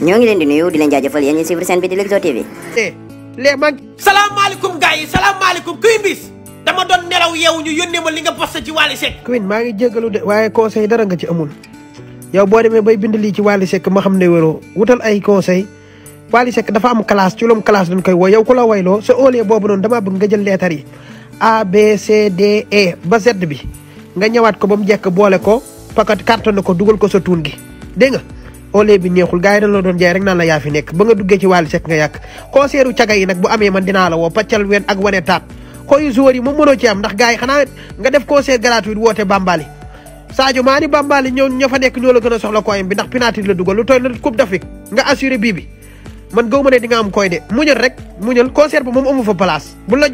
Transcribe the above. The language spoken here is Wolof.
ñoo ngi leen di yow di leen jaajëfal yéen ñi suivre seen bi di Leewtoo TV. Eh, léegi man. salaamaaleykum gars yi salaamaaleykum kuy mbis dama doon nelaw yeewu ñu yónnee ma li nga posté ci Wally Seck. Queen maa ngi jégalu de waaye conseil dara nga ci amul yow boo demee bay bind lii ci Wally Seck ma xam ne wéroo wutal ay conseil Wally Seck dafa am classe ci loom classe dañ koy woo yow ku la wayloo sa ole boobu noonu damaa bëgg nga jël leetar yi A B D e, ba sedd bi nga ñawaat ko ba mu jekk boole ko pakat carton na ko dugal ko sa tuun gi dégg nga. au lait bi neexul gars yi dañ la doon jaay rek naan la yaa nga duggee ci wàllu sek nga yàq amee man dinaa la woo paccal wen ak wane taat koyu joueurs yi moom mënoo ci ndax gars yi xanaa nga def concert gratuit woote Bambali Sadio Mané Bambali ñoo ña fa nekk ñoo la gën a soxla koyam bi ndax penalty la dugal lu toll na coupe d'Afrique nga assuré bii man gaw ma ne di nga koy de muñal rek muñal concert ba moom amu fa place buñ la